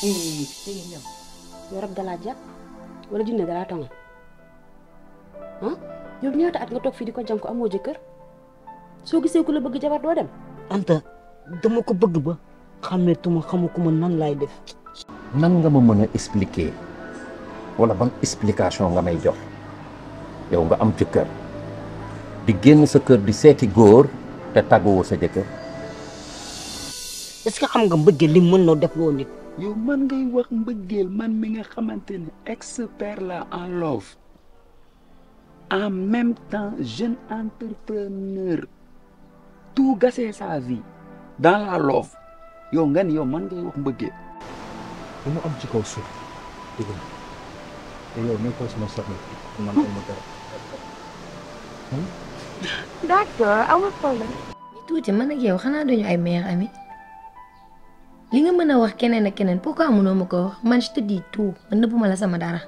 yow rab dalaa jàpp wala junne dalaa tonga ah yow ñaata at nga toog fii di ko jànku amoo jëkkër soo gisee ku la bëgg jabar doo dem anta dama ko bëgg ba xam ne tuma xamakuma nan laay def nan nga ma mën a expliquer wala ban explication nga may jox yow nga am jëkkër di génn sa kër di seeti góor te tàggoo sa jëkkër est-ce que ya, xam nga mbëggeel li mën def loo nit yow man ngay wax mbëggeel man mi nga xamante ne expert la en love en même temps jeune entrepreneur tout gasee sa vie dans la love yow nga ni yow man ngay wax mbëggeel lu am ci kaw suuf dëgg na te yow nekkoo sama soxna man amuma dara hmm? d'accord amul problème tuuti man ak yow xanaa duñu ay li nga mën a wax keneen ak keneen pourquoi mënoo ma ko wax man je te dis tout man nëbbuma la sama dara.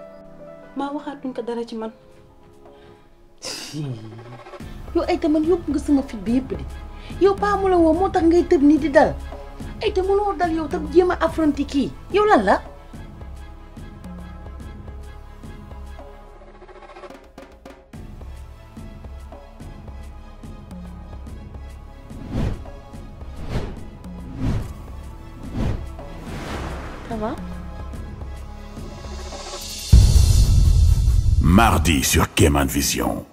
maa waxaatuñ ko dara ci man. Hmm. yo ay man yóbbu nga sama fit bi yëpp de yow paa mu la woo moo ngay tëb nii di dal ay ta mënoo dal yow tam affronter kii yow lan la. Mardi sur Keman Vision.